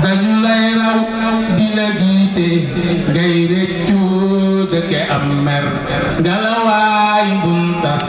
dañu lay raw dina giite ngay réccu dëkke am mer ngalawaay bul tas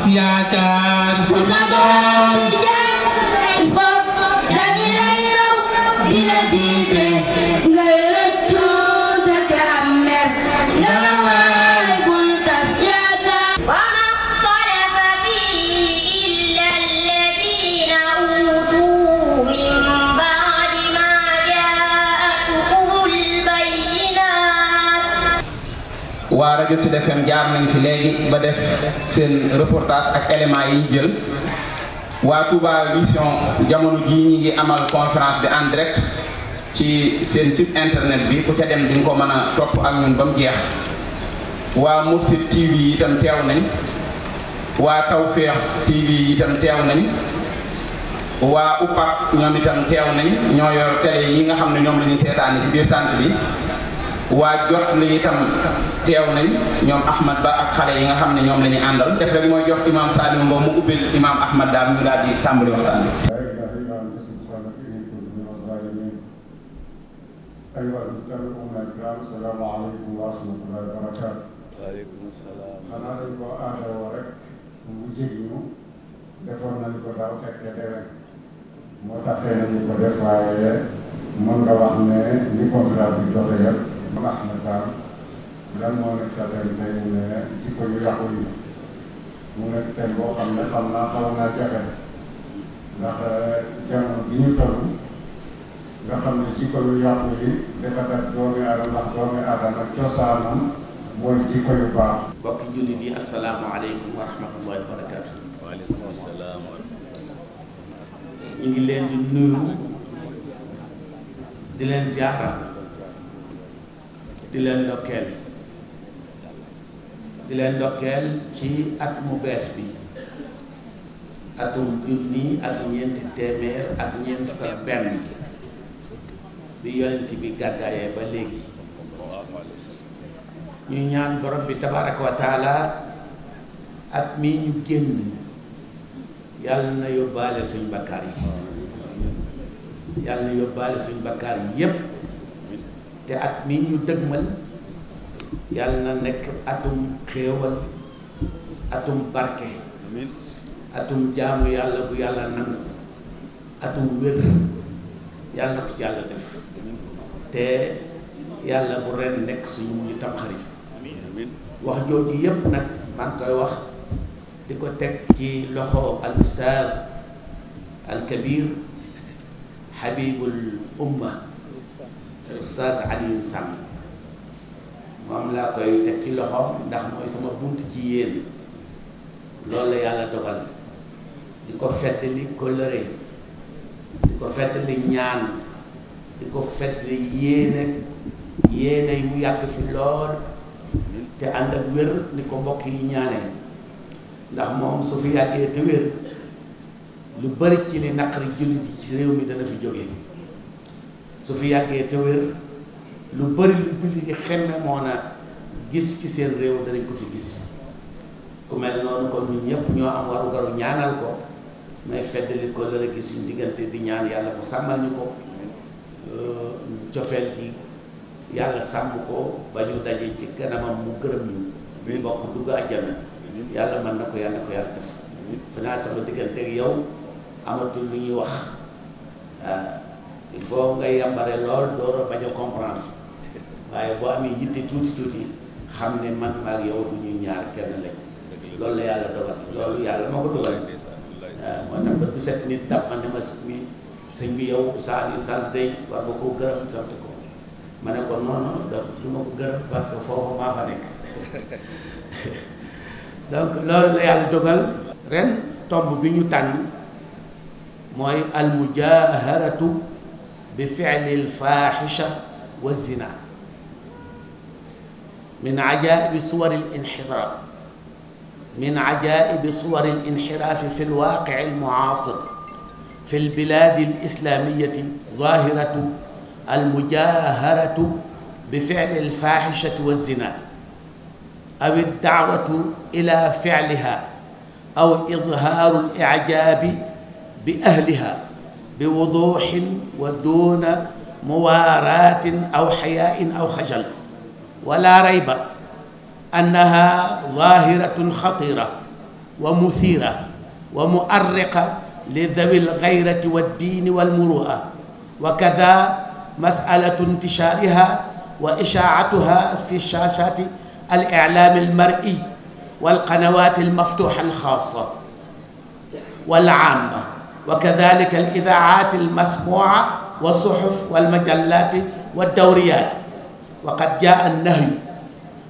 waa rajo Sud FM jaar nañ fi léegi ba def seen reportage ak éléments yi ñu jël waa Touba mission jamono jii ñi ngi amal conférence bi en direct ci seen site internet bi ku ca dem di ko mën a topp ak ñun ba mu jeex waa Mourchid TV yi tam teew nañ waa Tawfekh TV yi itam teew nañ waa UPAC ñoom itam teew nañ ñoo yor télé yi nga xam ne ñoom lañuy ñuy seetaani ci biir tànt bi waa jot li itam teew nañ ñoom ahmad ba ak xale yi nga xam ne ñoom la àndal def rek mooy jox imaam Salim Mbow mu ubbil imaam ahmad daal ñu daal di tàmbali waxtaan bi أيها المجتمعون الكرام السلام defoon nañ ko daaw fekke déwén moo tax xëy ko def waaye nga wax ne ni conférence bi doxee yëpp mën a xamal daal moo nekk sa thème tey mu ne jikko yu yàqu yi mu nekk thème boo xam ne xam naa xaw naa jafe ndax eh, jamono bi ñu toll nga xam ne jikko yu yàqu yi dafa def doomi aadama ndax doomi aadama cosaanam mooy jikko yu baax. mbokk jullit yi asalaamaaleykum wa rahmatullahi wa barakaatu. ngi leen di nuyu di leen ziara. di leen ndokkeel di leen ndokkeel ci at mu bees bi atum junni ak ñeenti téeméer ak ñeent fukk benn bi yonent bi gàddaayee ba léegi ñuy ñaan borom bi tabaraka wa at mi ñu génn yàlla na yóbbaale suñ bakkaar yi yàlla na yóbbaale suñ bakkaar yi yépp te at mii ñu dëgmal yàlla na nekk atum xéewal atum barke atum jaamu yàlla bu yàlla nangu atum wér yàlla na ko ci yàlla def te yàlla bu ren nekk suñu mujj tamxarit wax jooju yépp nag maa ngi koy wax di ko teg ci loxo al ustaaz al kabir habibul umma Oustaz Alioune Sall moom laa koy teg ci loxoom ndax mooy sama bunt ci yéen loolu la yàlla dogal di ko li kóllëre di ko fettali ñaan di ko fettali yéene yéene yi mu yàgg fi lool te ànd ak wér ni ko mbokk yi ñaane ndax moom su fi yàggee te lu bari ci li naqari jullit réew mi dana fi jóge su fi yàggee te lu bëri lu julli di xemme moo na gis ci seen réew danañ ko fi gis ku mel noonu kon ñun ñëpp ñoo am waru garu ñaanal ko may feddali ko lër a gis suñ diggante di ñaan yàlla mu sàmmal ñu ko euh, cofeel gi yàlla sàmm ko ba ñu daje ci kanamam mu gërëm ñu mbokk dugg àjjana yàlla mën na ko yàlla ko yàlla def finance sama diggante yow amatul lu ñuy wax il faut nga yàmbare lool door bañ a comprendre waaye boo amee yitte tuuti tuuti xam ne man maag yow du ñuy ñaar kenn lañ loolu la yàlla dogal loolu yow saa yu ko parce que foofu maa fa nekk donc loolu la yàlla dogal ren tomb bi ñu tànn mooy almujaharatu bi fi'li alfaaxisha wa zina min ajaa'ibi suwari alinxiraaf min ajaa'ibi suwari alinxiraafi fi alwaaqici almucaasir fi albilaadi alislaamiyati zaahiratu almujaaharatu bi fi'li alfaaxishati wa zina aw addacwatu ila ficliha aw izhaaru alicjaabi bi ahliha bi wuduuxin wa duuna muwaaraatin aw xayaain aw xajal wala rayba annaha zaahiratun xatira wa musiira wa muarriqa li dawi lgayrati waldiini walmuru'a wa kada masalatu intishaariha wa ishaacatuha fi shaashaati al-iclaami al-mar'i wal qanawaati al-maftuuxa al-xaassa wal caamma wa kadalika al idaat al masmuuca wa suxuf wal majallaati wa dawriyaat wa qad jaa an nahyu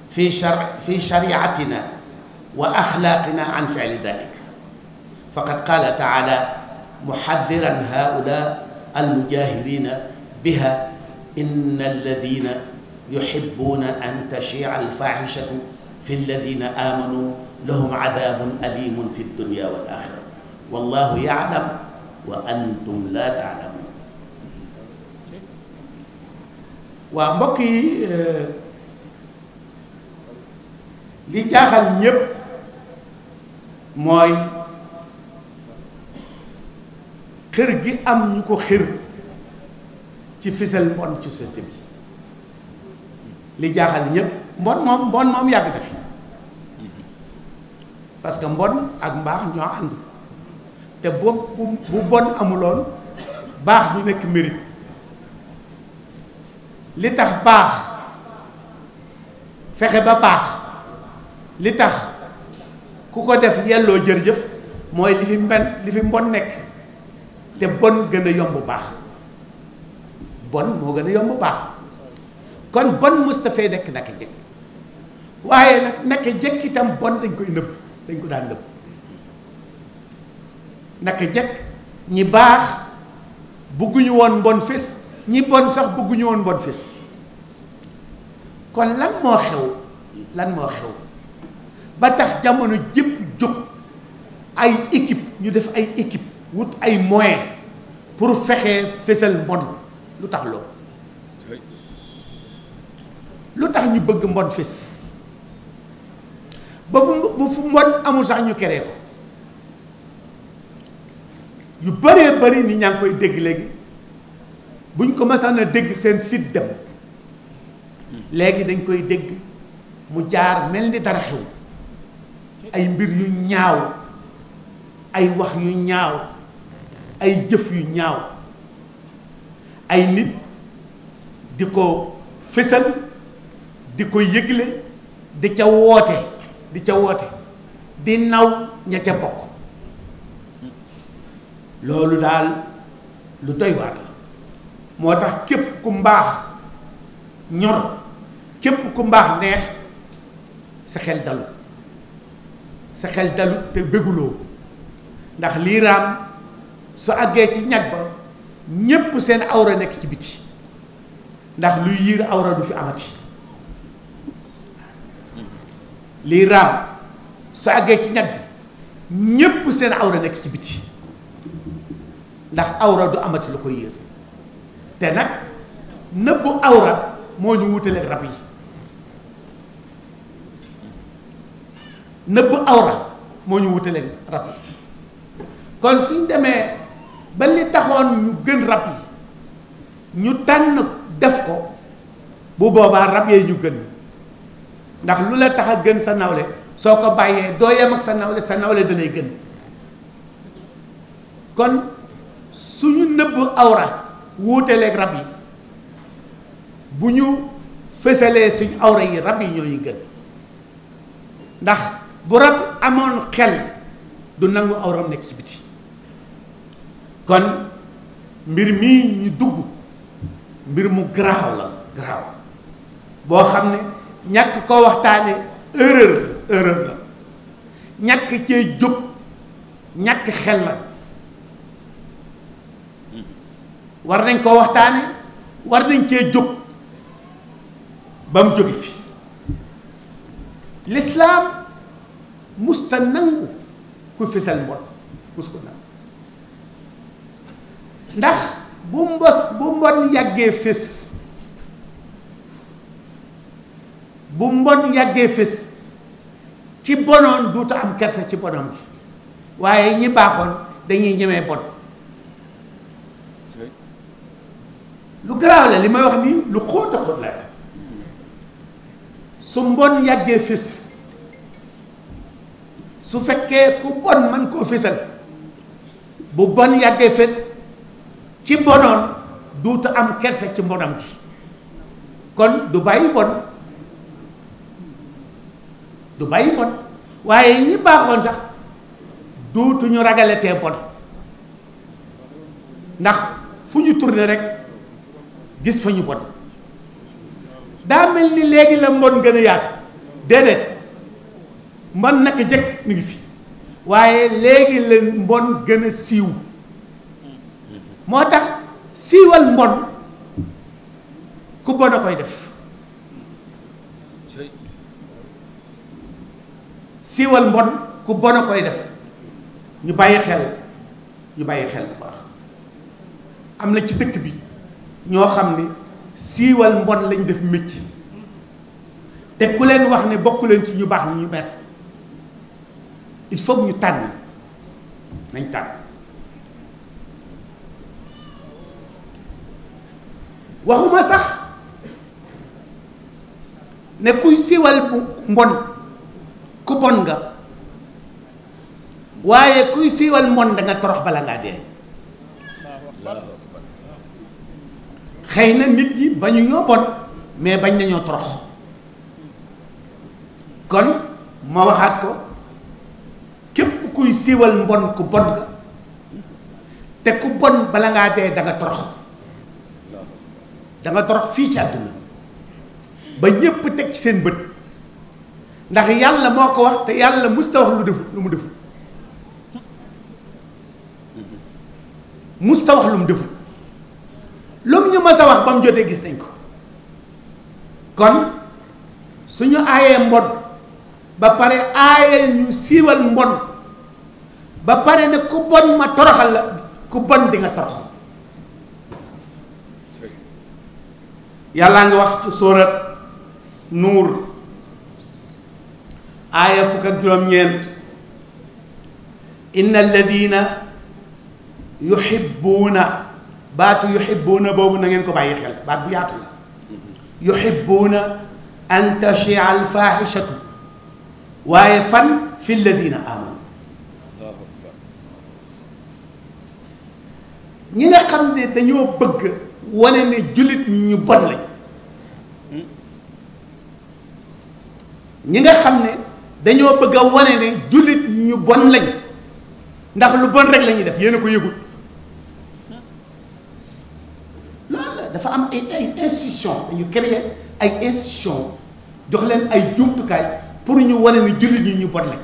fi shar fi shariatina wa axlaaqina an ficli dalik faqad qaala taala muxadiran haula almujaahirina biha inna alladina yuxibuuna an tashia alfaxishatu fi alladina aamanuu lahum cadaabun alimun fi dunya wal axira wallahu yaclam wa antum mbokk yi euh, li jaaxal ñépp xër gi am ko xër ci fisal mbon ci société bi li jaaxal ñépp mbon moom mbon moom yàgg na fi parce que mbon ak mbaax ñoo ànd te boobu bu bon amuloon baax du nekk mérite li tax baax fexe ba baax li tax ku ko def yelloo jërëjëf mooy li fi mben di fi mbon nekk te bon gën a yomb baax bon moo gën a yomb baax kon bon Moustapha nekk naka jëkk waaye nag naka jëkk itam bon dañ koy nëbb dañ ko daan nëbb naka jëkk ñi baax bëgguñu woon mbon fés ñi bon sax bëgguñu woon mbon fés kon lan moo xew lan moo xew ba tax jamono jëpp jóg ay équipe ñu def ay équipe wut ay moyen pour fexe fésal mbon lu tax loolu lu tax ñu bëgg mbon fés ba bu bu fu mbon amul sax ñu keree ko yu bëree bari nit ñaa koy dégg léegi buñ ko mësaan a dégg seen fit dem léegi dañ koy dégg mu jaar mel ni dara xew ay mbir yu ñaaw ay wax yu ñaaw ay jëf yu ñaaw ay nit di ko fësal di ko yëgle di ca woote di ca woote di naw ña ca bokk loolu daal lu doy la moo tax képp ku mbaax ñor képp ku mbaax neex sa xel dalu sa xel dalu te béguloo ndax lii raam su àggee ci ñag ba ñépp seen awra nekk ci biti ndax luy yiir awra du fi amati lii raam su àggee ci ñag bi ñépp seen awra nekk ci biti ndax awra du amati lu ko yër te nag nëbbu awra moo ñu wutaleeg rab yi nëbbu awra moo ñu wutaleeg rab yi kon suñ demee ba li taxoon ñu gën rab yi ñu tànn def ko bu boobaa rab yee ñu gën ndax lu la tax a gën sa nawle soo ko bàyyee doo yem ak sa nawle sa nawle da lay gën kon suñu nëbb awra wuuteleeg rab yi bu ñu fësalee suñu awra yi rab yi ñooñu gën ndax bu rab amoon xel du nangu awram nekk ci biti kon mbir mii ñu dugg mbir mu garaaw la garaaw boo xam ne ñàkk koo waxtaane erreur erreur la ñàkk cee jóg ñàkk xel la war nañ koo waxtaane war nañ cee jóg ba mu jóge fi lislaam musta nangu ku fisal mbon mus ko ndax bu mbos bu mbon yàggee fis bu mbon yàggee fis ci bonoon duutu am kersa ci bonoon bi waaye ñi baaxoon dañuy ñemee bon lu garaaw la li may wax nii lu xóot a xóot la su mbon yàggee fés su fekkee ku bon man koo fésal bu bon yàggee fés ci mbonoon duutu am kerse ci mbonam gi kon du bàyyi bon du bàyyi bon waaye ñi baaxoon sax duutu ñu ragaletee bon ndax fu ñu tourné rek gis fa ñu bon daa mel ni léegi la mbon gën a yaatu déedéet mbon naka jëkk mi ngi fi waaye léegi la mbon gën a siiw moo tax siiwal mbon ku bon a koy def siiwal mbon ku bon a koy def ñu bàyyi xel ñu bàyyi xel bu am na ci dëkk bi ñoo xam ni siiwal mbon lañ def métti te ku leen wax ne bokk leen ci ñu baax ñu mer il faut ñu tànn nañ tànn waxuma sax ne kuy siiwal mbon ku bon nga waaye kuy siiwal mbon da nga torox bala ngaa dee xëy na nit ñi bañu ñoo bon mais bañ nañoo torox kon ma waxaat ko képp kuy siiwal mbon ku bon nga te ku bon bala ngaa dee da nga torox da torox fii ci àdduna ba ñépp teg ci seen bët ndax yàlla moo ko wax te yàlla musta wax lu def lu mu def musta wax lu mu def ñu mës a ba mu jotee gis nañ ko kon suñu aayee mbon ba pare aayee ñu siiwal mbon ba pare ne ku bon ma toroxal la ku bon di nga torox yàllaa ngi wax ci sóorat nuur aaya fukk ak juróom-ñeent inna alladina yuhibbuuna baatu yuhibbuuna boobu na ngeen ko bàyyi xel baat bu yaatu la yuhibbuuna an tashia alfaaxishatu waaye fan fi lladina amanu ñi nga xam ne dañoo bëgg wane ne jullit ñi ñu bon lañ ñi nga xam ne dañoo bëgg a wane ne jullit ñi ñu bon lañ ndax lu bon rek la ñuy def yéen a ko yëgul dafa am ay ay institution dañu créer ay institution jox leen ay jumtukaay pour ñu wane ni jullit ñi ñu bon lañ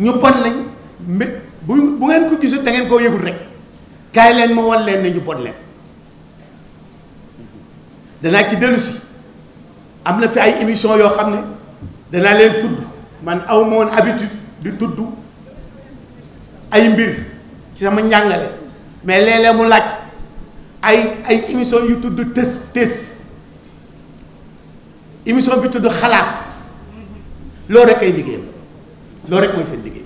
ñu bon lañ mbé bu bu ngeen ko gisut da koo yëgul rek kaay leen moo wan leen ne ñu bon leen danaa ci dellu am na fi ay émission yoo xam ne danaa leen tudd man aw ma woon habitude di tudd ay mbir ci sama njàngale mais léeg mu laaj ay ay émission yu tudd tës tës émission bi tudd xalaas loolu rek ay liggéeyam loolu rek mooy seen liggéey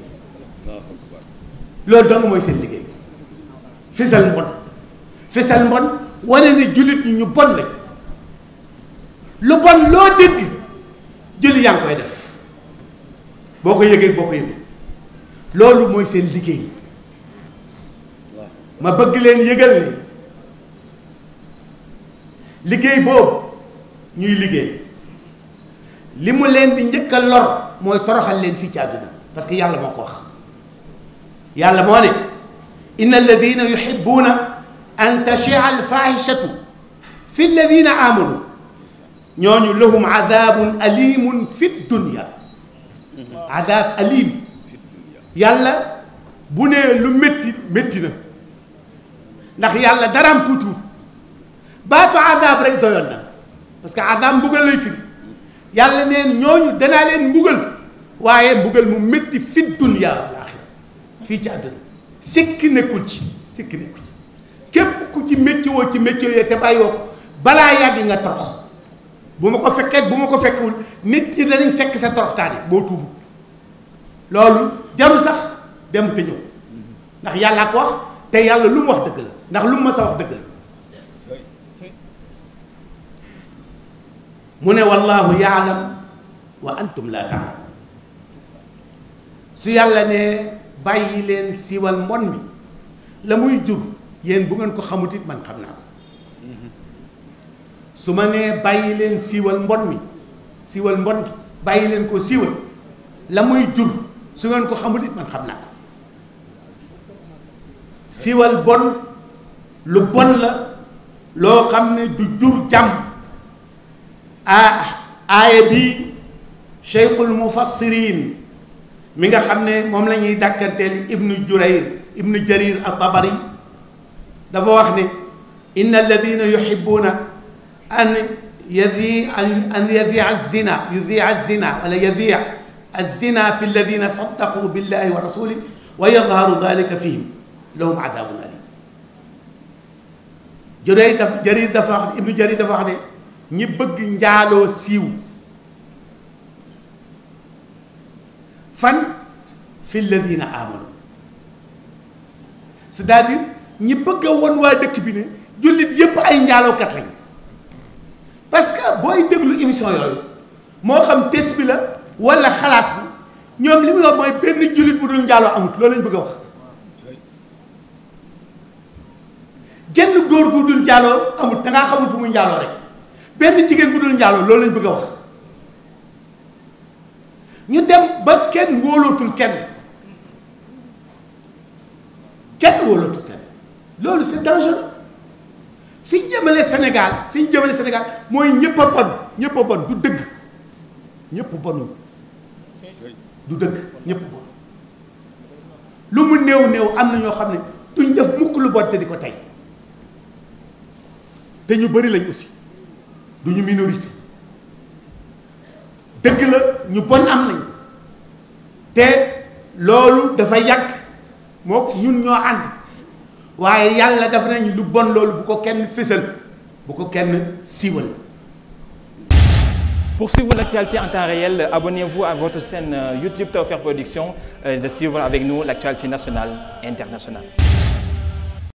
loolu dong mooy seen liggéey fisal mbon fisal mbon wane ne jullit ñi ñu bon lañ lu bon loo dégg jullit yaa ngi koy def boo ko yëgee boo ko yëgee loolu mooy seen liggéey ma bëgg leen yëgal liggéey boobu ñuy liggéey li mu leen di njëkk a lor mooy toroxal leen fii ci àdduna parce que yàlla moo ko wax yàlla moo ne inna alladina yuhibbuna an tachia alfahishatu fi alladina fi dunya adab alim yàlla bu nee lu métti métti na ndax yàlla daraam baatu azab rek doyoon na parce que azab mbugal lay firi yàlla neen ñooñu danaa leen mbugal waaye mbugal mu métti fi dunya wal axira fii ci àdduna sikki nekkul ci sikki ku ci métti ci métti yooyu balaa yàgg nga torox bu ma ko fekkee bu ma ko fekkewul nit ñi danañ fekk sa toroxtaane boo tuubu loolu jaru sax dem te ñëw ndax yàllaa ko wax te yàlla lu mu wax dëgg la ndax lu mu ma wax dëgg la mu ne wallaahu yaalam wa antum laa taalam su yàlla ne bàyyi leen siiwal mbon mi la muy jur yéen bu ngeen ko xamut it man xam naa ko su ma nee bàyyi leen siiwal mbon mi siiwal mbon gi bàyyi leen ko siiwal la muy jur su ngeen ko xamul it man xam naa ko siiwal bon lu bon la loo xam ne du jur jàmm aaya e bi cheikhul mufassirin mi nga xam ne moom la ñuy dàkkanteel ibnu jurayr ibnu jarir at-tabari dafa wax ne inna alladina yuhibbuna an yadi an yadia zina yudia zina wala yadia azina fi alladina saddaqu billahi wa rasulih wa yadharu dalika fihim lahum adabun alim jurayr daf jarir dafa wax ibnu jarir dafa wax ne ñi bëgg njaaloo siiw fan fi lladina amanu c'est-à-dire ñi bëgg a won waa dëkk bi ne jullit yépp ay njaalookat lañ parce que booy déglu émission yooyu moo xam tes bi la wala xalaas bi ñoom li muy wax mooy benn jullit bu dul njaaloo amut loolu leen bëgg a wax jenn góor gu dul njaaloo amut da ngaa xamul fu muy njaaloo rek benn jigéen bu dul njaaloo loolu lañ bëgg a wax ñu dem ba kenn wóolootul kenn kenn wóolootul kenn loolu c'est dangereux fi ñu jëmale Sénégal fi ñu Sénégal mooy ñëpp a bon ñëpp bon du dëgg ñëpp bonul du dëgg ñëpp bon lu mu néew néew am na ñoo xam ne duñ def mukk lu bon te di ko tey te ñu bari lañ aussi du ñu minorité dëgg la ñu bon am nañ te loolu dafa yàgg mook ñun ñoo ànd waaye yàlla dafa nañ lu bon loolu bu ko kenn fésal bu ko kenn siiwal Pour suivre l'actualité en temps réel, abonnez-vous à votre chaîne euh, YouTube Tawfekh Production euh, et de suivre avec nous l'actualité nationale et internationale.